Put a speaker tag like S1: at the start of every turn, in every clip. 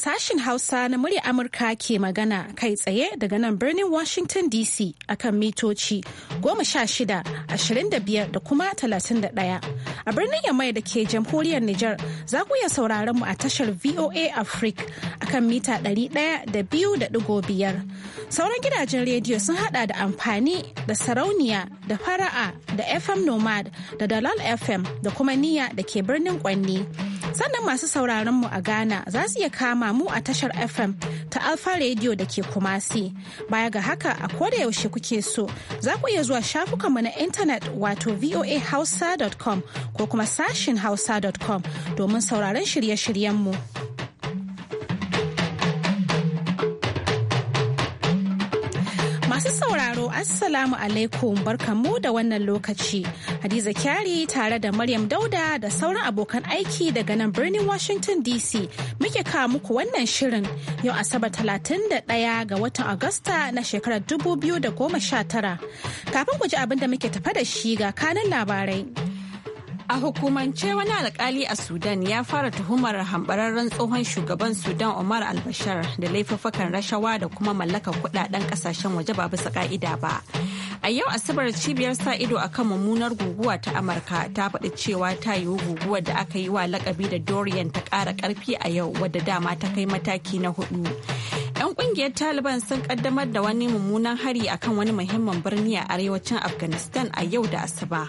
S1: Sashin Hausa na murya Amurka ke magana kai tsaye daga nan birnin Washington DC akan mitoci 16, 25 da kuma 31. A birnin Yamai da ke jamhuriyar Nijar za ku iya sauraron mu a tashar VOA Africa akan mita 100.5. Sauran gidajen rediyo sun hada da amfani da sarauniya da fara'a da FM Nomad da Dalal FM da kuma Niyya da ke birnin Kwanni. Sannan masu sauraron mu a Ghana za su iya kama mu mu a tashar FM ta Alpha Radio da ke Kumasi. Baya ga haka a koda yaushe kuke so za ku iya zuwa shafukanmu na intanet wato voahausa.com ko kuma sashin hausa.com domin sauraron shirye-shiryenmu. Masu sauraro Assalamu alaikum barkamu da wannan lokaci. Hadiza Kyari tare da Maryam Dauda da sauran abokan aiki daga nan birnin Washington DC muke kawo muku wannan shirin yau Asabar 31 ga watan Agusta na shekarar 2019. Kafin ku ji abin da muke tafa da shi ga kanan labarai.
S2: A hukumance wani alkali a Sudan ya fara tuhumar hambararren tsohon shugaban Sudan Omar al-Bashir da laifuffukan rashawa da kuma mallakar kudaden kasashen waje ba bisa ka'ida ba. A yau Asabar cibiyar sa ido akan mummunar guguwa ta Amurka ta faɗi cewa ta yiwu guguwar da aka yi wa lakabi da Dorian ta ƙara ƙarfi a yau wadda dama ta kai mataki na hudu. 'yan kungiyar taliban sun kaddamar da wani mummunan hari akan wani muhimmin birni a arewacin afghanistan a yau da asuba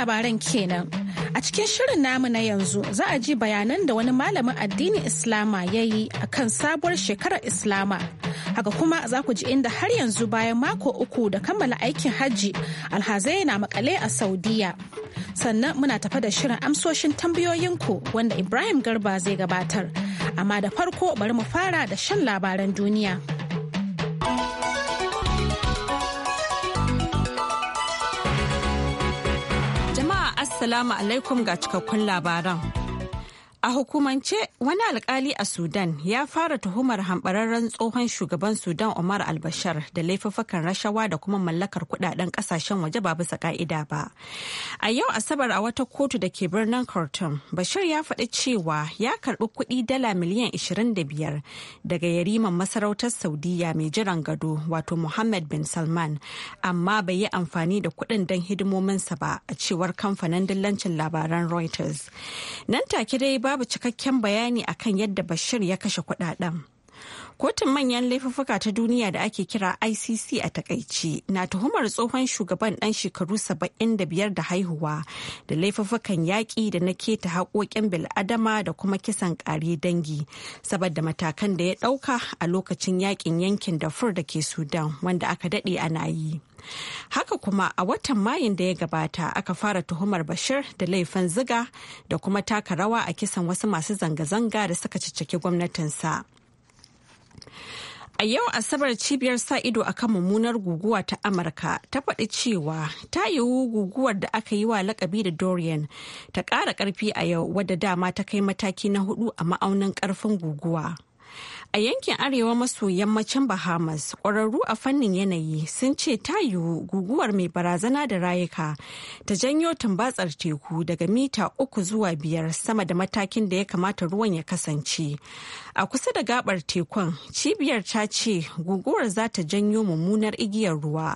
S1: labaran kenan. A cikin shirin namu na yanzu za a ji bayanan da wani malamin addinin Islama ya yi a kan sabuwar shekarar Islama. Haka kuma za ku ji inda har yanzu bayan mako uku da kammala aikin hajji alhazai na makale a Saudiya. Sannan muna tafa da shirin amsoshin tambayoyinku wanda Ibrahim Garba zai gabatar. Amma da farko bari mu fara da shan labaran duniya.
S2: Assalamu alaikum ga cikakkun labaran. A hukumance wani alkali a Sudan ya fara tuhumar hambararren tsohon shugaban Sudan Omar al bashar da laifuffukan rashawa da kuma mallakar kudaden kasashen waje ba bisa ka'ida ba. A yau Asabar a wata kotu da ke birnin Khartoum, Bashir ya faɗi cewa ya karɓi kuɗi dala miliyan 25 daga yariman masarautar Saudiya mai jiran gado wato Mohammed bin Salman, amma bai yi amfani da kuɗin don hidimominsa ba a cewar kamfanin dillancin labaran Reuters. Nan take dai babu cikakken bayani akan yadda Bashir ya kashe kudaden. Kotun manyan laifuffuka ta duniya da ake kira ICC a takaici na tuhumar tsohon shugaban ɗan shekaru 75 da haihuwa da laifuffukan yaƙi da na keta haƙoƙin bil'adama da kuma kisan ƙare dangi saboda matakan da ya ɗauka a lokacin yaƙin yankin fur da ke Sudan wanda aka daɗe ana yi. Haka kuma a watan Mayun da ya gabata aka fara tuhumar Bashir da laifin ziga da kuma taka rawa a kisan wasu masu zanga-zanga da suka cicciki gwamnatinsa. A yau Asabar cibiyar sa ido a kan mummunar guguwa ta Amurka ta faɗi cewa ta yiwu guguwar da aka yi wa lakabi da Dorian ta ƙara ƙarfi a yau wadda dama ta kai mataki na hudu a ma'aunin ƙarfin guguwa. A yankin arewa maso yammacin Bahamas, ƙwararru a fannin yanayi sun ce ta yiwu guguwar mai barazana da rayuka ta janyo tumbatsar teku daga mita uku zuwa biyar sama da matakin da ya kamata ruwan ya kasance. A kusa da gabar tekun, cibiyar ta ce guguwar za ta janyo mummunar igiyar ruwa.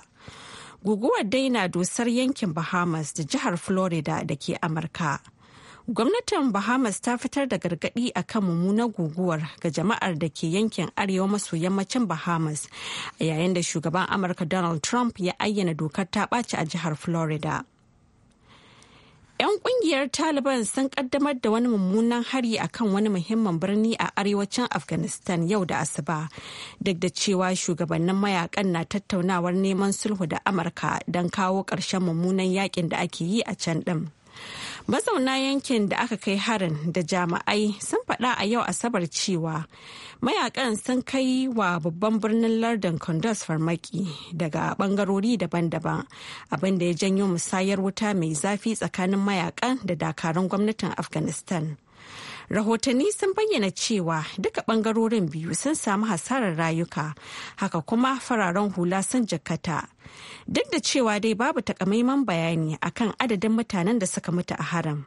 S2: Guguwar dai na dosar yankin Bahamas da jihar Florida da ke Amurka. Gwamnatin Bahamas ta fitar da gargaɗi a kan mummunar guguwar ga jama'ar da ke yankin arewa maso yammacin Bahamas a yayin da shugaban Amurka Donald Trump ya ayyana dokar ta ɓaci a jihar Florida. 'Yan kungiyar Taliban sun kaddamar da wani mummunan hari a kan wani muhimmin birni a arewacin Afghanistan yau da Asuba, duk da cewa shugabannin mayakan na tattaunawar neman sulhu da Amurka don kawo ƙarshen mummunan yakin da ake yi a can ɗin. mazauna yankin da aka kai harin da jami'ai sun faɗa a yau asabar cewa mayakan sun kai wa babban birnin lardin condos farmaki daga bangarori daban-daban abinda ya janyo musayar wuta mai zafi tsakanin mayakan da dakarun gwamnatin afghanistan rahotanni sun bayyana cewa duka bangarorin biyu sun samu hasarar rayuka haka kuma fararen hula sun jikkata Duk da cewa dai babu takamaiman bayani akan adadin mutanen da suka mutu a haram.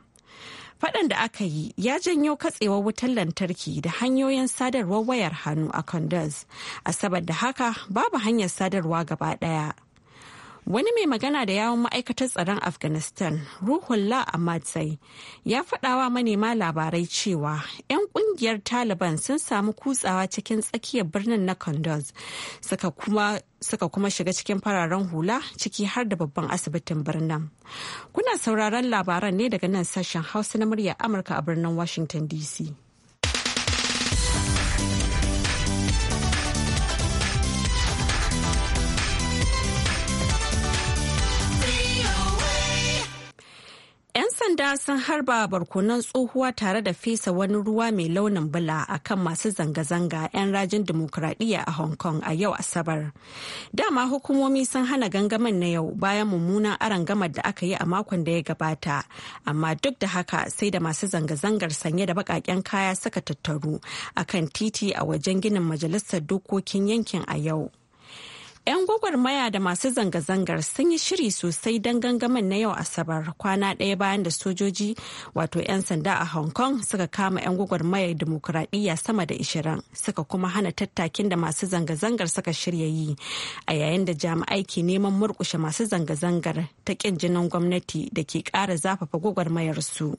S2: Faɗan da aka yi ya janyo katsewar wutar lantarki da hanyoyin sadarwar wayar hannu a Condos, a saboda haka babu hanyar sadarwa gaba ɗaya. Wani mai magana da yawon ma'aikatar tsaron Afghanistan, Ruhullah Amadzai, ya faɗawa manema labarai cewa 'yan ƙungiyar Taliban sun samu kutsawa cikin tsakiyar birnin na Kunduz, suka kuma suka kuma shiga cikin fararen hula ciki har da babban asibitin birnin. Kuna sauraron labaran ne daga nan sashen Hausa na murya Amurka a birnin Washington DC. sanda sun harba barkonan tsohuwa tare da fesa wani ruwa mai launin bula a kan masu zanga-zanga 'yan rajin dimokuraɗiyya a hong kong a yau asabar dama hukumomi sun hana gangamin na yau bayan mummunan gamar da aka yi a makon da ya gabata amma duk da haka sai da masu zanga-zangar sanye da baƙaƙen kaya suka tattaru a kan titi a wajen ginin majalisar dokokin yankin a yau 'Yan gwagwarmaya da masu zanga-zangar sun yi shiri sosai don gangamin na yau Asabar kwana ɗaya bayan da sojoji wato 'yan sanda a Hong Kong suka kama 'yan gwagwarmayar dimokuraɗiyya sama da 20 suka kuma hana tattakin da masu zanga-zangar suka shirya yi a yayin da jami'ai ke neman murkushe masu zanga-zangar ta ƙin jinin gwamnati da ke ƙara zafafa gwagwarmayar su.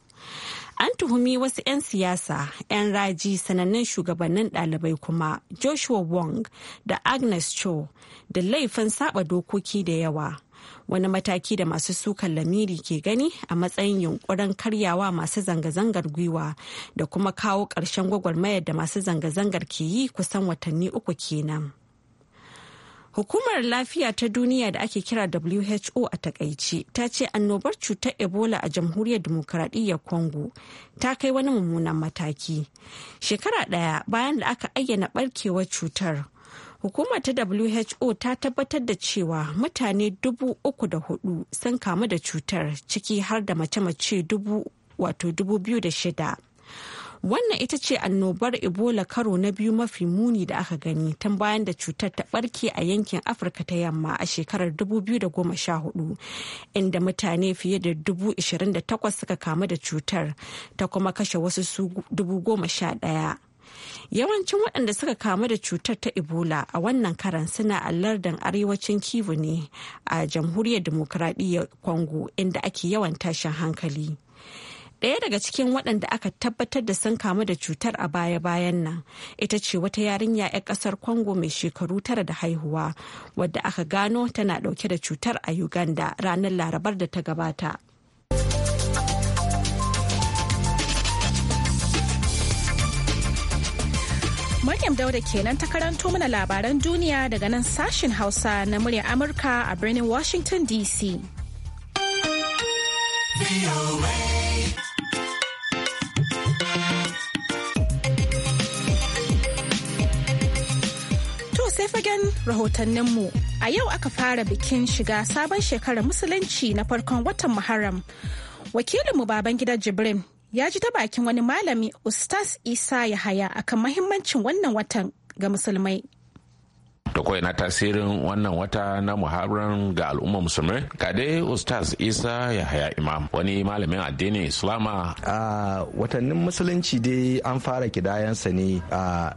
S2: An tuhumi wasu 'yan siyasa, 'yan raji sanannen shugabannin ɗalibai kuma Joshua Wong da Agnes Cho da laifin saba dokoki da yawa. Wani mataki da masu sukan lamiri ke gani a matsayin yunkurin karyawa masu zanga-zangar gwiwa da kuma kawo ƙarshen gwagwarmayar da masu zanga-zangar ke yi kusan watanni uku kenan. Hukumar lafiya ta duniya da ake kira WHO a takaice ta ce annobar cutar Ebola a jamhuriyar demokaradiyyar Congo ta kai wani mummunan mataki. Shekara ɗaya bayan da aka ayyana barkewar cutar. Hukumar ta WHO ta tabbatar da cewa mutane dubu uku da hudu sun kamu da cutar ciki har da mace-mace dubu wato dubu biyu da shida. Wannan ita ce annobar Ebola karo na biyu mafi muni da aka gani tun bayan da cutar ta barke a yankin Afirka ta yamma a shekarar 2014 inda mutane fiye da 28,000 suka kamu da cutar ta kuma kashe wasu su 11,000. Yawancin waɗanda suka kamu da cutar ta Ebola a wannan karan suna a lardin arewacin Kivu ne a jamhuriyar demokradiyyar Congo inda ake yawan tashin hankali. Ɗaya daga cikin waɗanda aka tabbatar da sun kamu da cutar a baya-bayan nan ita ce wata yarinya 'yar ƙasar Congo mai shekaru tara da haihuwa wadda aka gano tana ɗauke da cutar a Uganda ranar Larabar da ta gabata.
S1: Maryam Dauda kenan ta karanto mana labaran duniya daga nan sashen Hausa na murya Amurka a birnin Washington DC. sai fagen rahotanninmu a yau aka fara bikin shiga sabon shekarar musulunci na farkon watan muharram wakilinmu baban gida jibrin ya ji ta bakin wani malami ustaz isa yahaya akan mahimmancin wannan watan ga musulmai
S3: da kawai na tasirin wannan wata na muharram ga al'ummar musulmai ga dai ustaz isa yahaya imam wani malamin addinin islama
S4: a watannin musulunci dai an fara kidayansa ne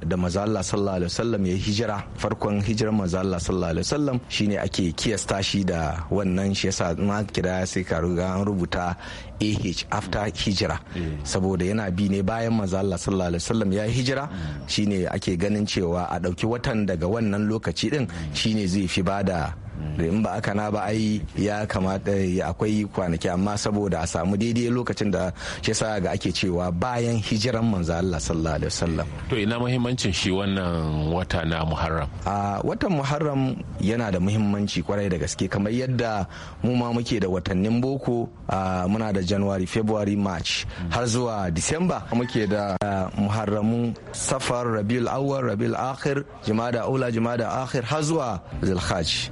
S4: da mazalla sallallahu alaihi wasallam ya hijira farkon hijirar mazalla sallallahu alaihi wasallam shine ake kiyasta shi da wannan shi yasa na kidaya sai ka an rubuta AH after hijira eh. saboda yana bi ne bayan maza Allah sallallahu alaihi wasallam ya hijira hmm. shine ake ganin cewa a ɗauki watan daga wannan lokaci din hmm. shine zai fi bada in ba aka na ba ai ya kamata akwai kwanaki amma saboda a samu daidai lokacin da shi sa ga ake cewa bayan hijiran manzo Allah
S3: sallallahu alaihi wasallam to ina muhimmancin shi wannan wata na Muharram a watan
S4: Muharram yana da muhimmanci kwarai da gaske kamar yadda mu ma muke da watannin boko muna da January February March har zuwa December muke da Muharramu Safar Rabiul Awwal Rabiul Akhir Jumada Aula Jumada Akhir har zuwa Zulhajj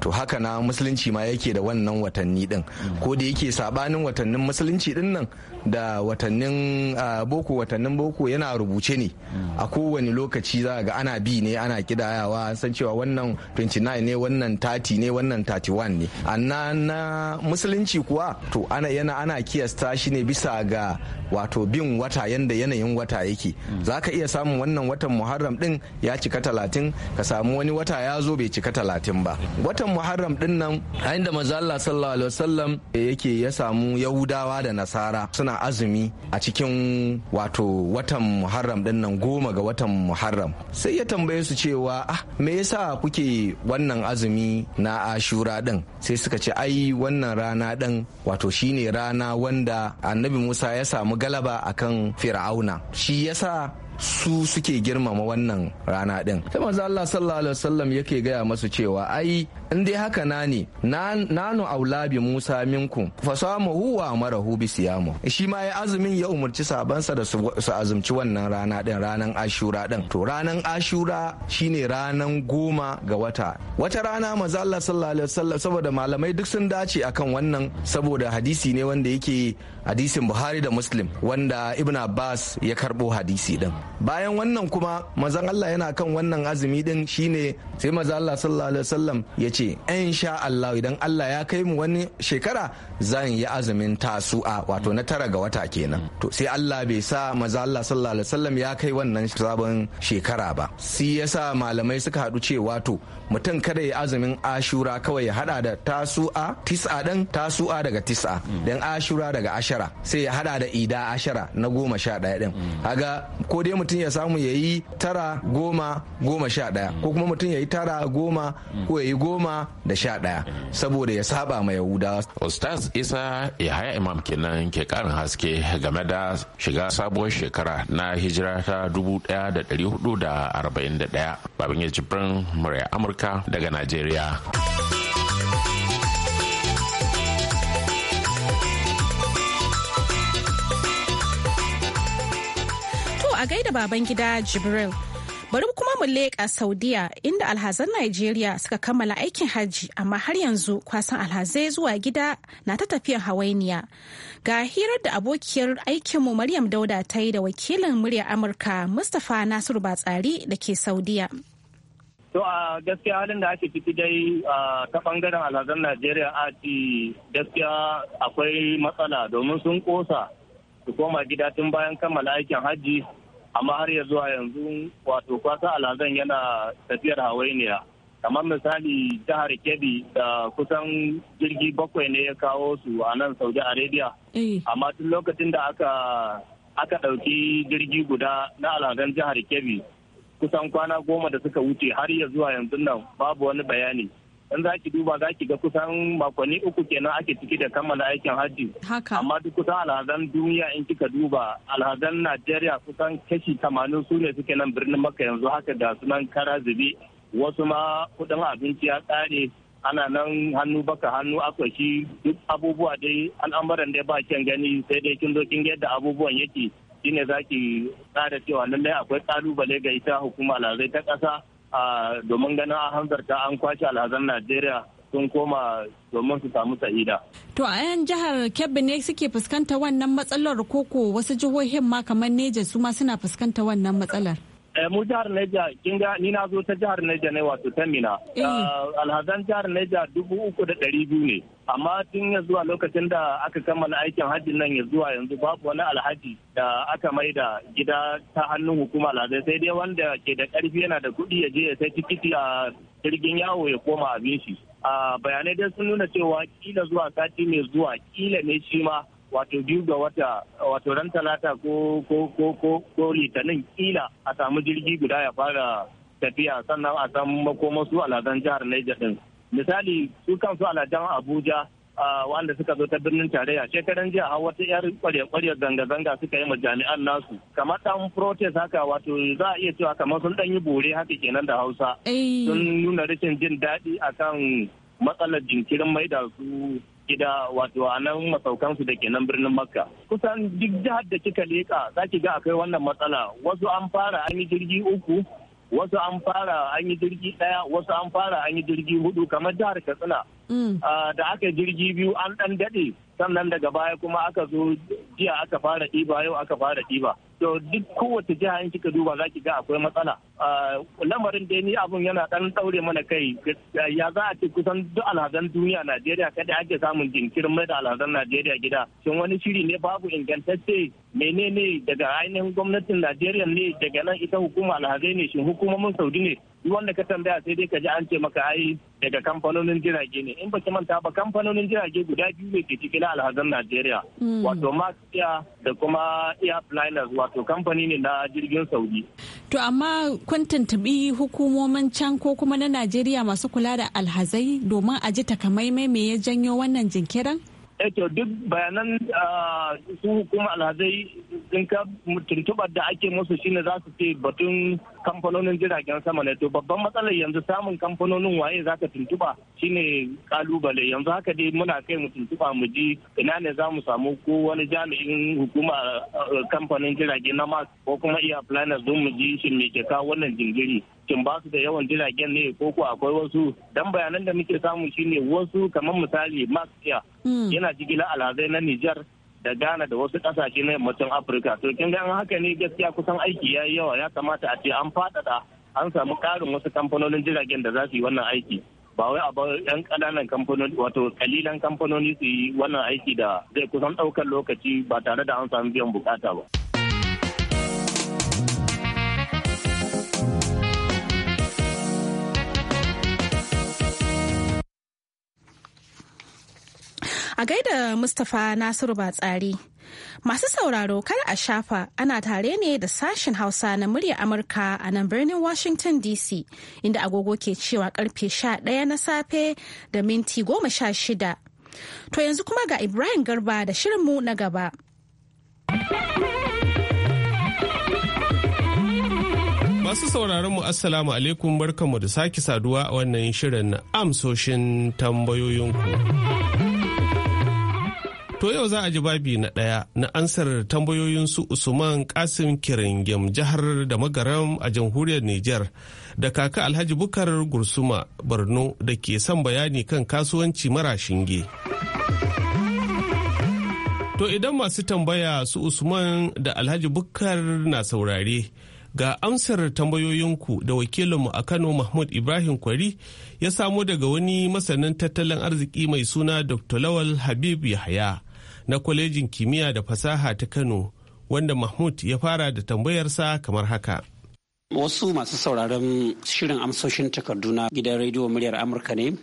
S4: to haka na musulunci ma yake da wannan watanni din ko da yake sabanin watannin musulunci din nan da watannin boko watannin boko yana rubuce ne a kowane lokaci za ga ana bi ne ana kidayawa san cewa wannan 29 ne wannan 30 ne wannan 31 ne anna na musulunci kuwa to ana yana ana kiyasta shi ne bisa ga wato bin wata yanda yanayin wata yake za ka iya samun wannan watan muharram din ya cika 30 ka samu wani wata ya zo bai cika 30 ba watan muharram din nan a inda manzo sallallahu alaihi wasallam yake ya samu yahudawa da nasara suna azumi a cikin wato watan muharram din nan goma ga watan muharram sai ya tambaye su cewa ah me yasa kuke wannan azumi na ashura din sai suka ce ai wannan rana din wato shine rana wanda annabi musa ya samu galaba akan fir'auna shi yasa su suke girmama wannan rana din sai manzo Allah sallallahu alaihi wasallam yake gaya masu cewa ai in dai haka na ne nanu aulabi Musa minkum fa samu huwa marahu bi siyamu shi ma ya azumin ya umurci sabansa da su azumci wannan rana din ranan Ashura din to ranan Ashura shine ranan goma ga wata wata rana manzo Allah sallallahu alaihi wasallam saboda malamai duk sun dace akan wannan saboda hadisi ne wanda yake hadisin buhari da muslim wanda ibn abbas ya karbo hadisi din bayan wannan kuma mazan allah yana kan wannan azumi din shine sai maza allah sallallahu alaihi wasallam ya ce in sha allah idan allah ya kai mu wani shekara zan yi azumin tasu'a wato na tara ga wata kenan to sai allah bai sa maza allah sallallahu alaihi wasallam ya kai wannan sabon shekara ba shi yasa malamai suka hadu cewa wato mutum kada ya azumin ashura kawai ya hada da tasu'a tis'a din tasu'a daga tis'a dan ashura daga ashura ashara sai ya hada da ida ashara na goma sha daya din haga ko dai mutum ya samu ya yi tara goma goma sha daya ko kuma mutum ya yi tara goma ko ya yi goma da sha daya saboda ya saba ma yahudawa
S3: ustaz isa yahaya imam kenan ke karin haske game da shiga sabuwar shekara na hijira ta 1441 babin ya jibrin murya amurka daga nigeria.
S1: a gaida baban gida Jibril. Bari kuma mu leƙa Saudiya inda alhazan Najeriya suka kammala aikin hajji amma har yanzu kwasan alhazai zuwa gida na ta tafiyar hawainiya. Ga hirar da abokiyar aikinmu Maryam Dauda ta yi da wakilin murya Amurka Mustapha Nasiru Batsari da ke Saudiya.
S5: To a gaskiya halin da ake ciki dai ta bangaren alhazan Najeriya a ci gaskiya akwai matsala domin sun kosa su koma gida tun bayan kammala aikin hajji amma har ya zuwa yanzu wato kwasa alhazan yana tafiyar hawainiya kamar misali jihar kebbi da kusan jirgi bakwai ne ya kawo su a nan saudi arabia eh. amma tun lokacin da aka aka ɗauki jirgi guda na alhazan jihar kebbi kusan kwana goma da suka wuce har ya zuwa yanzu nan babu wani bayani in za ki duba za ki ga kusan makonni uku kenan ake ciki da kammala aikin hajji. Haka. Amma duk kusan alhazan duniya in kika duba alhazan Najeriya kusan kashi tamanin su ne suke nan birnin maka yanzu haka da sunan kara zube wasu ma kudin abinci ya tsare ana nan hannu baka hannu shi duk abubuwa dai al'amuran dai ba kyan gani sai dai kin zo kin yadda abubuwan yake shine zaki tsara cewa lallai akwai kalubale ga ita hukuma alhazai ta ƙasa domin ganin an hanzarta an kwashe alhazan najeriya sun koma domin su samu sa'ida.
S2: To a yan jihar Kebbi ne suke fuskanta wannan matsalar koko wasu jihohin ma kamar Neja su ma suna fuskanta wannan matsalar.
S5: Eh, mu jihar Neja kin ni na zo ta jihar Neja ne wato ta eh. Alhazan jihar Neja dubu uku da ɗari biyu ne. amma tun ya zuwa lokacin da aka kammala aikin hajji nan ya zuwa yanzu babu wani alhaji da aka mai da gida ta hannun hukuma lazai sai dai wanda ke da karfi yana da kuɗi ya je ya sai tikiti a jirgin yawo ya koma abin shi a bayanai dai sun nuna cewa kila zuwa sati mai zuwa kila ne shi ma wato biyu ga wata wato ran talata ko ko ko ko ko litinin kila a samu jirgi guda ya fara tafiya sannan a san makomasu alhazan jihar Niger din misali su kansu alajan abuja wanda suka zo ta birnin tarayya shekaran jiya har wata yar kwarya-kwarya zanga-zanga suka yi ma jami'an nasu kamar dan protest haka wato za a iya cewa kamar sun dan yi bore haka kenan da hausa eh. sun nuna rashin jin daɗi akan matsalar jinkirin mai da su gida wato a nan masaukansu da kenan birnin makka kusan duk jihar da kika leƙa za ki ga akwai wannan matsala wasu an fara an yi jirgi uku wasu an fara an yi jirgi ɗaya wasu an fara an yi jirgi hudu kamar jihar katsina mm. ah, da aka jirgi biyu an ɗan daɗe sannan daga baya kuma aka zo jiya aka fara ɗiba yau aka fara ɗiba to duk kowace jiha in kika duba za ki ga akwai matsala lamarin da ni abun yana dan daure mana kai ya za a ce kusan duk alhazan duniya Najeriya kada ake samun jinkirin mai da alhazan Najeriya gida shin wani shiri ne babu ingantacce menene daga ainihin gwamnatin Najeriya ne daga nan ita hukuma alhazai ne shin hukumomin Saudi ne yi wanda ka tambaya sai dai ka ji an ce maka ai daga kamfanonin jirage ne in baki manta ba kamfanonin jirage guda biyu ne ke cikin alhazan Najeriya hmm. wato Maxia da kuma Airliners wato kamfani ne na jirgin Saudi
S2: to amma kun tuntubi hukumomin can ko kuma na Najeriya masu kula da alhazai domin a ji takamaimai me ya janyo wannan jinkirin
S5: eh to duk bayanan ah, su hukuma alhazai sun ka tuntubar da ake musu shine za su ce batun kamfanonin jiragen sama ne to babban matsalar yanzu samun kamfanonin waye za ka tuntuba shine kalubale yanzu haka dai muna kai mu tuntuba mu ji ina ne za mu samu ko wani jami'in hukuma eh, kamfanin jirage na mas ko kuma iya planners don mu ji shin me ke kawo wannan jingiri shin ba su da yawan jiragen ne ko ko akwai wasu dan bayanan da muke samu shine wasu kamar misali mas hmm. yana jigila alhazai na Nijar da Ghana da wasu kasashe na yammacin Afirka. To kin ga haka ne gaskiya kusan aiki ya yi yawa ya kamata a ce an faɗaɗa an samu ƙarin wasu kamfanonin jiragen da za su yi wannan aiki. Ba wai a bar yan ƙananan kamfanoni wato kalilan kamfanoni su yi wannan aiki da zai kusan ɗaukar lokaci ba tare da an samu biyan buƙata ba.
S1: A gaida Mustapha Nasiru Batsari. Masu sauraro kar a shafa ana tare ne da sashen Hausa na murya Amurka a nan birnin Washington DC inda agogo ke cewa karfe 11 na safe da minti 16. To yanzu kuma ga Ibrahim Garba da shirinmu na gaba.
S3: Masu sauraron mu Assalamu alaikum barkanmu da sake saduwa a wannan shirin amsoshin tambayoyinku. To yau za a ji babi na ɗaya na ansar tambayoyin su Usman Kasim Kiringim jihar da magaram a jamhuriyar Nijar da kaka Alhaji Bukar Gursuma Borno da ke son bayani kan kasuwanci mara shinge. To idan masu tambaya su Usman da Alhaji Bukar na saurare ga amsar tambayoyinku da wakilinmu a Kano Mahmud Ibrahim Kwari ya samo daga wani masanin tattalin arziki mai suna Dr. Lawal Habib Yahaya na kwalejin kimiyya da fasaha ta kano wanda mahmud ya fara da tambayarsa kamar haka
S6: wasu masu sauraron shirin amsoshin takardu na gidan rediyo muryar amurka ne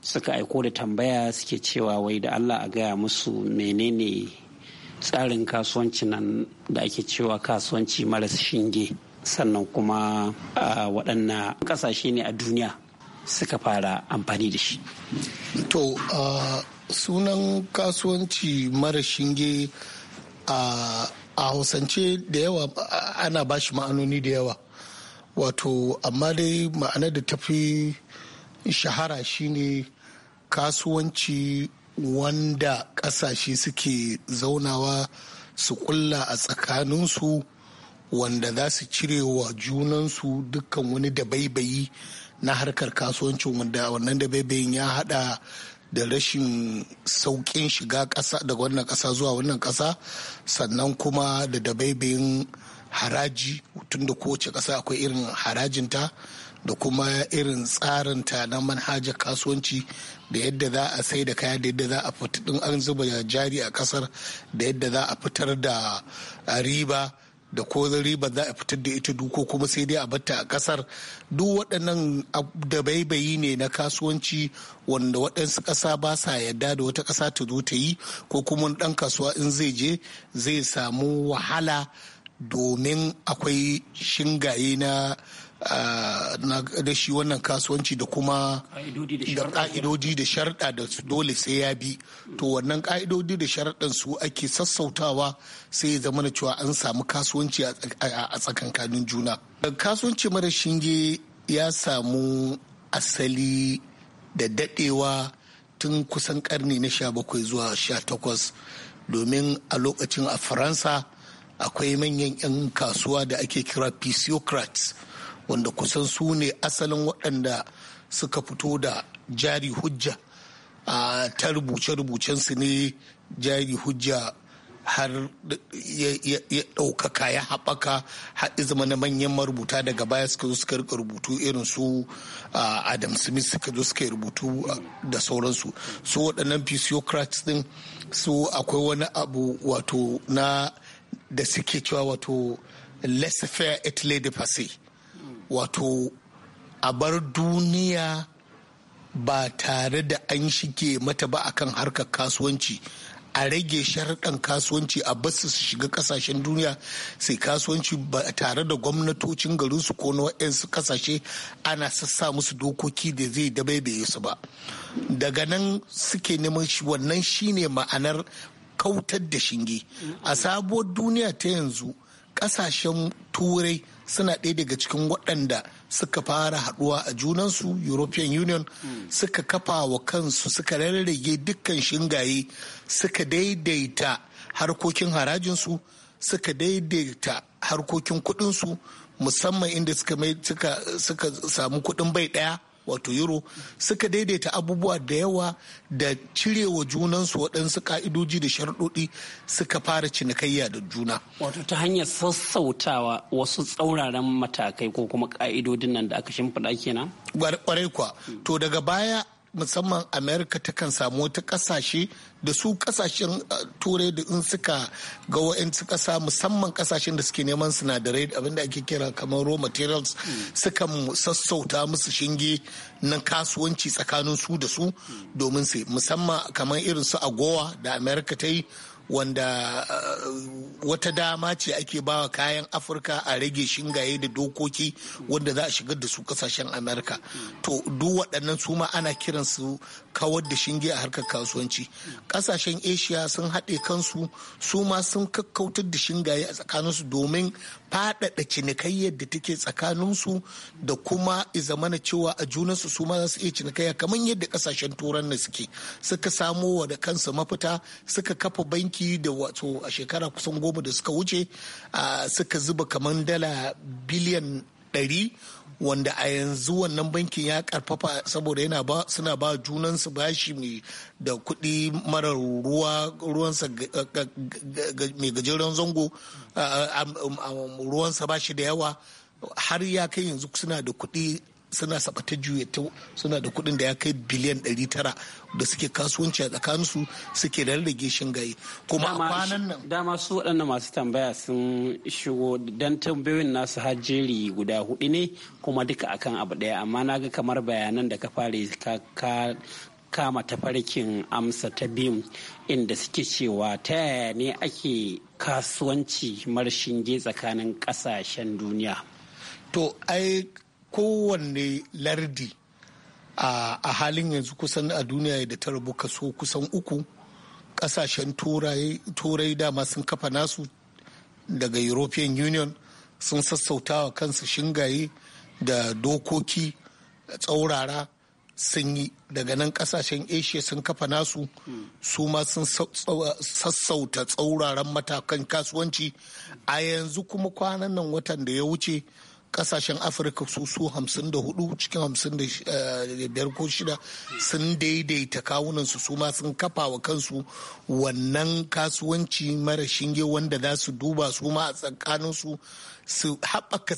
S6: suka aiko da tambaya suke cewa wai da allah a gaya musu menene tsarin kasuwanci nan da ake cewa kasuwanci maras shinge sannan kuma a waɗanna ƙasashe ne a duniya suka fara amfani da shi
S7: to sunan kasuwanci mara shinge a hausance da yawa ana ba shi ma'anoni da yawa wato amma dai ma'anar da tafi shahara shine kasuwanci wanda ƙasashe suke zaunawa su kulla a tsakaninsu wanda za su cire wa junansu dukkan wani dabaibayi na harkar kasuwancin wanda wannan dabaibayin ya haɗa. da rashin sauƙin shiga ƙasa daga wannan ƙasa zuwa wannan ƙasa sannan kuma da dabaibayin haraji tun da kowace ƙasa akwai irin harajinta da kuma irin tsarinta na manhajar kasuwanci da yadda za a sai da kaya da yadda za a fita din an zuba jari a kasar da yadda za a fitar da riba da ko ba za a fitar da ita ko kuma sai dai a batta a kasar duk waɗannan da baibayi ne na kasuwanci wanda waɗansu ƙasa ba sa yarda da wata ƙasa ta zo ta yi ko kuma ɗan kasuwa in zai je zai samu wahala domin akwai shingaye na da ah, shi wannan kasuwanci da kuma da ka'idodi da sharɗa da dole sai ya bi to wannan ka'idodi da sharɗan su ake sassautawa sai ya zama cewa an samu kasuwanci a tsakankanin juna kasuwanci mara shinge ya samu asali da daɗewa tun kusan karni na 17 zuwa sha takwas domin a lokacin a faransa akwai manyan 'yan kasuwa da ake kira physiocrats wanda kusan su ne asalin waɗanda suka fito da jari hujja a ta rubuce-rubucensu ne jari hujja har ya ɗaukaka ya haɓaka har zama na manyan marubuta daga baya suka zo suka rika rubutu irin su adam smith suka zo suka rubutu da sauransu su waɗannan physiocrats din su akwai wani abu wato na da suke cewa wato fair faire et laissez wato a bar duniya ba tare da an shige mata ba akan harkar kasuwanci a rage sharaɗan kasuwanci a basu su shiga kasashen duniya sai kasuwanci ba tare da gwamnatocin garinsu ko na waɗansu kasashe ana sassa musu dokoki da zai dabaibaye su ba daga nan suke neman shi wannan shine ma'anar kautar da shinge a sabuwar duniya ta yanzu kasashen turai suna ɗaya daga cikin waɗanda suka fara haɗuwa a junansu european union suka kafa wa kansu suka rarrage dukkan shingaye suka daidaita harkokin harajinsu suka daidaita harkokin kuɗinsu musamman inda suka samu kuɗin bai ɗaya wato euro suka daidaita abubuwa da yawa da cirewa junansu waɗansu ka'idoji da
S6: sharɗoɗi suka fara cinikayya da juna. Wato ta hanyar sassautawa wasu tsauraran matakai ko kuma ka'idodin nan da aka shimfiɗa kenan? Ƙwarai kuwa. To daga baya
S7: musamman america kan samu wata kasashe
S6: da su kasashen uh,
S7: turai da in suka ga wa'yansu kasa musamman kasashen da suke neman sinadarai abinda ake kira kamar raw materials hmm. sukan sassauta musu shinge na kasuwanci tsakanin su da su domin su musamman kamar irin su agowa da america ta yi wanda uh, wata dama ce ake bawa kayan afirka a rage shingaye da dokoki wanda za a shigar da su kasashen amerika to duk waɗannan su ma ana kiransu kawar da shinge a harkar kasuwanci kasashen asia sun haɗe kansu su ma sun kakkautar da shingaye a tsakaninsu domin faɗaɗa cinikayyar da take tsakaninsu da kuma izamana cewa a junansu su ma za su iya cinikayya kamar yadda kasashen turan na suke suka samo wa da kansu mafita suka kafa banki banki da wato a shekara kusan goma da suka wuce suka zuba kamar dala biliyan ɗari wanda a yanzu wannan bankin ya karfafa saboda yana ba suna ba junansu bashi mai da kuɗi marar ruwa ruwansa mai gajeren zango ruwansa bashi da yawa har ya kai yanzu suna da kuɗi suna sabata ta suna da kuɗin da ya kai biliyan 900 da suke kasuwanci a tsakaninsu suke rage shingaye
S6: kuma a kwanan nan dama su waɗannan masu tambaya sun shigo dan tambayoyin nasu har jeri guda hudu ne kuma duka akan abu ɗaya amma na ga kamar bayanan da ka fara ka kama tafarkin amsa ta bim inda suke cewa ta yaya ne ake kasuwanci shinge tsakanin ƙasashen duniya to ai kowanne lardi
S7: a halin yanzu kusan a duniya da ta rabu kaso kusan uku kasashen turai dama sun kafa nasu daga european union sun sassauta wa kansu shingaye da dokoki tsaurara sun yi daga nan kasashen asia sun kafa nasu su ma sun sassauta tsauraran matakan kasuwanci a yanzu kuma kwanan nan watan da ya wuce kasashen afirka su su 54 cikin 55 eh, ko shida sun daidaita kawunansu su ma sun kafa wa kansu wannan kasuwanci mara shinge wanda za su duba su ma a tsakaninsu su haɓaka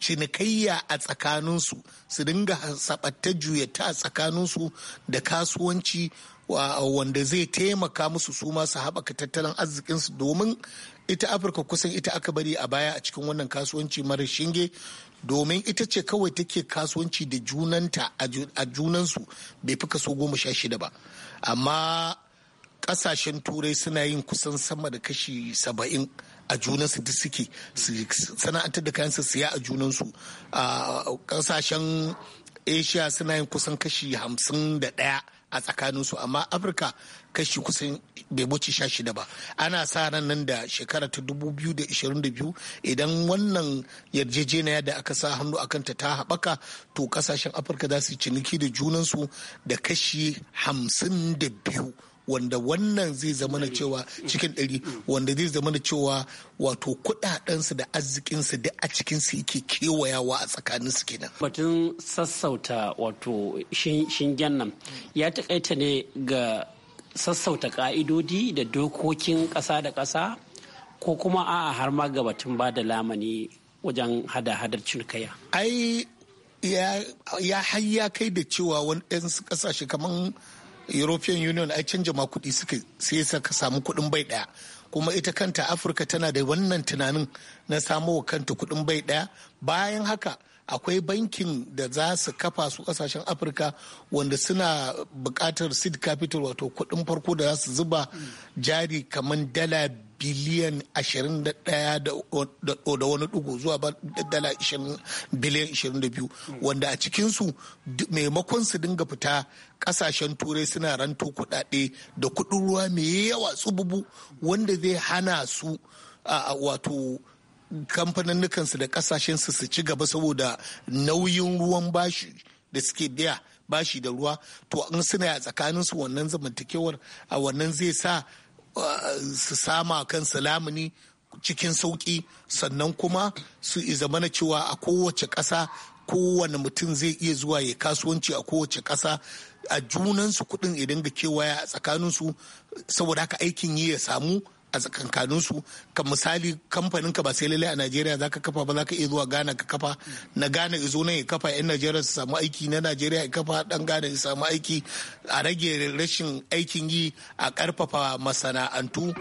S7: cinikayya a tsakaninsu su dinga sabatta juyata a tsakaninsu da kasuwanci wanda zai taimaka musu su masu haɓaka tattalin arzikinsu domin ita afirka kusan ita aka bari a baya a cikin wannan kasuwanci mara shinge domin ita ce kawai take kasuwanci da junanta a junansu bai fi kaso goma sha shida ba amma kasashen turai suna yin kusan sama da kashi saba'in a junansu duk suke sana'antar da kayan siya a junansu a kasashen asia suna yin kusan kashi hamsin da ɗaya a tsakanin su amma afirka kashi kusan bai wuce sha shida ba ana sa ran nan da shekara ta biyu idan wannan yarjejeniya da aka sa hannu a kanta ta haɓaka to kasashen afirka za su ciniki da junansu da kashi hamsin da biyu wanda wannan zai zama cewa cikin ɗari wanda zai zama na cewa wato kuɗaɗensu da arzikinsu duk a
S6: cikinsu yake kewayawa a tsakanin su kenan. Batun sassauta wato shingen nan ya taƙaita ne ga sassauta ƙa'idodi da dokokin ƙasa da ƙasa ko kuma a'a har ma ga batun ba da lamani wajen hada-hadar cinikaya.
S7: Ai ya hayya kai da cewa wani ƙasashe kasashe kamar european union ai canja ma kuɗi suka sai saka samu kuɗin bai daya kuma ita kanta afirka tana da wannan tunanin na samo wa kanta kuɗin bai daya bayan haka akwai bankin da za su kafa su kasashen afirka wanda suna bukatar seed capital wato kuɗin farko da za su zuba jari kamar dala biliyan 21 da wani dugu zuwa dala biliyan 22 wanda a cikinsu maimakon su dinga fita kasashen turai suna ranto kudade da kudin ruwa mai yawa tsububu wanda zai hana su wato kamfaninnukansu da kasashensu su ci gaba saboda nauyin ruwan bashi da suke biya bashi da ruwa to in suna a tsakaninsu wannan zamantakewar a wannan zai sa su sama kansu lamuni cikin sauki sannan kuma su zamana cewa a kowace ƙasa kowane mutum zai iya zuwa ya kasuwanci a kowace ƙasa a junansu kudin idan ga kewaya a tsakaninsu saboda haka aikin yi ya samu a su kan misali kamfanin ka ba sai lallai a najeriya za ka kafa ba za iya zuwa ghana ka kafa na ghana ya zo nan ya kafa yan najeriya su samu aiki na najeriya ya kafa dan ghana ya samu aiki a rage rashin aikin yi a karfafa masana'antu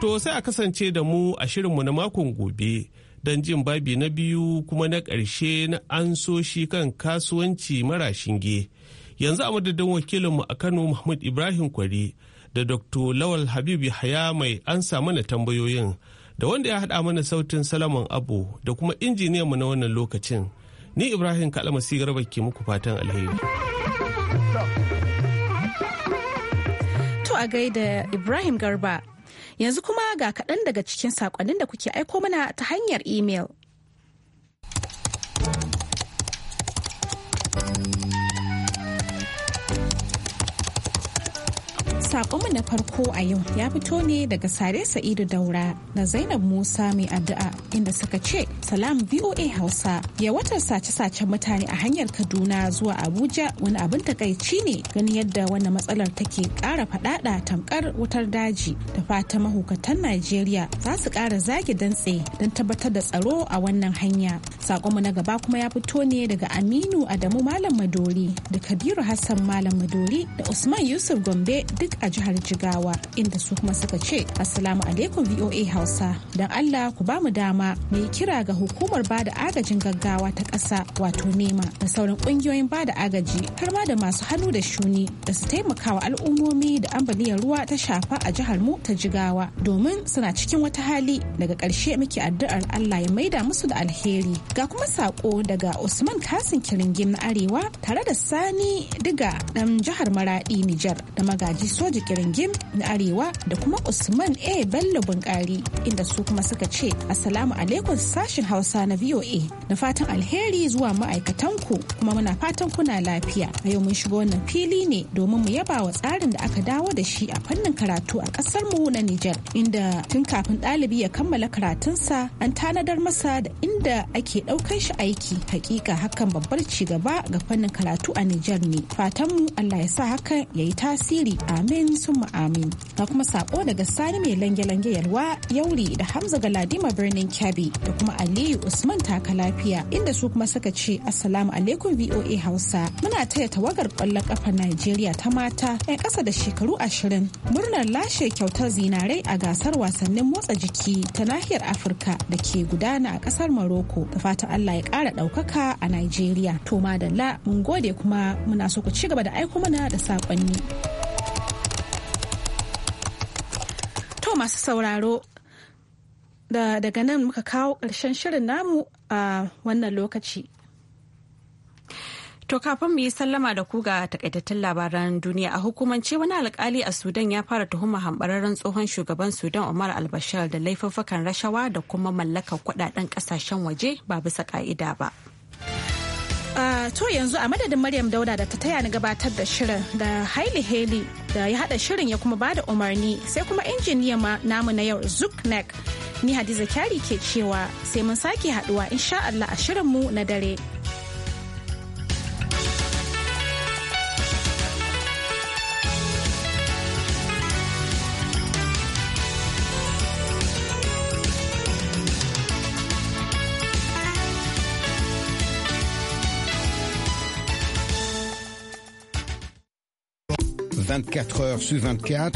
S3: to sai a kasance da mu a shirin mu na makon gobe don jin babi na biyu kuma na karshe na an so shi kan kasuwanci mara shinge yanzu a madadin wakilinmu a kano mahmud ibrahim kwari da Dr. Lawal Habib haya mai an samu mana tambayoyin da wanda ya haɗa mana sautin Salaman Abu da kuma mu na wannan lokacin. Ni Ibrahim Kalama Garba ke muku fatan alheri.
S1: To a gaida Ibrahim Garba, yanzu kuma ga kaɗan daga cikin saƙonnin da kuke aiko mana ta hanyar imel. Sakonmu na farko a yau ya fito ne daga Sare Sa'idu Daura da Zainab Musa mai addu'a inda suka ce Salam VOA Hausa ya watar sace-sacen mutane a hanyar Kaduna zuwa Abuja wani abin takaici ne ganin yadda wannan matsalar take ƙara faɗaɗa tamkar wutar daji da fata mahukatan Najeriya za su ƙara zage dantse don tabbatar da tsaro a wannan hanya. Sakonmu na gaba kuma ya fito ne daga Aminu Adamu Malam Madori da Kabiru Hassan Malam Madori da Usman Yusuf Gombe duk a jihar Jigawa inda su kuma suka ce Assalamu alaikum VOA Hausa don Allah ku bamu dama mai kira ga hukumar bada agajin gaggawa ta ƙasa wato nema da sauran ƙungiyoyin bada agaji har ma da masu hannu da shuni da su taimakawa al'ummomi da ambaliyar ruwa ta shafa a jihar mu ta Jigawa domin suna cikin wata hali daga ƙarshe muke addu'ar Allah ya maida musu da alheri ga kuma sako daga Usman kasin Kiringim na Arewa tare da Sani Diga ɗan jihar Maradi Nijar da magaji soja George Giringim na Arewa da kuma Usman A. Bello Bunkari inda su kuma suka ce Assalamu alaikum sashin Hausa na VOA na fatan alheri zuwa ma'aikatan ku kuma muna fatan kuna lafiya. A yau mun shiga wannan fili ne domin mu yaba wa tsarin da aka dawo da shi a fannin karatu a kasar mu na Nijar inda tun kafin ɗalibi ya kammala karatunsa an tanadar masa da inda ake ɗaukar shi aiki. Hakika hakan babbar ci gaba ga fannin karatu a Nijar ne. Fatanmu Allah ya sa hakan ya yi tasiri. Amin. amin sun amin ga kuma sako daga sani mai lange-lange yalwa yauri da hamza galadima birnin kyabi da kuma aliyu usman taka lafiya inda su kuma suka ce assalamu alaikum voa hausa muna taya tawagar kwallon kafar nigeria ta mata 'yan ƙasa da shekaru ashirin murnar lashe kyautar zinarai a gasar wasannin motsa jiki ta nahiyar afirka da ke gudana a ƙasar maroko da fatan allah ya ƙara ɗaukaka a nigeria to madalla mun gode kuma muna so ku ci gaba da aiko mana da saƙonni. masu sauraro da daga nan muka kawo ƙarshen shirin namu a wannan lokaci.
S2: To kafin mu yi sallama da ku ga takaitattun labaran duniya a hukumance wani alkali a Sudan ya fara tuhuma hambararren tsohon shugaban Sudan Omar al-Bashir da laifuffukan rashawa da kuma mallakar kudaden kasashen waje ba bisa ka'ida ba. to yanzu a
S1: madadin Maryam Dauda da ta taya ni gabatar da shirin da Haile haili da ya hada shirin ya kuma bada umarni sai kuma injiniya ma namu na yau Zuknek. Ni Hadiza Kyari ke cewa sai mun sake haduwa insha Allah a shirinmu na dare.
S5: 24 heures sur 24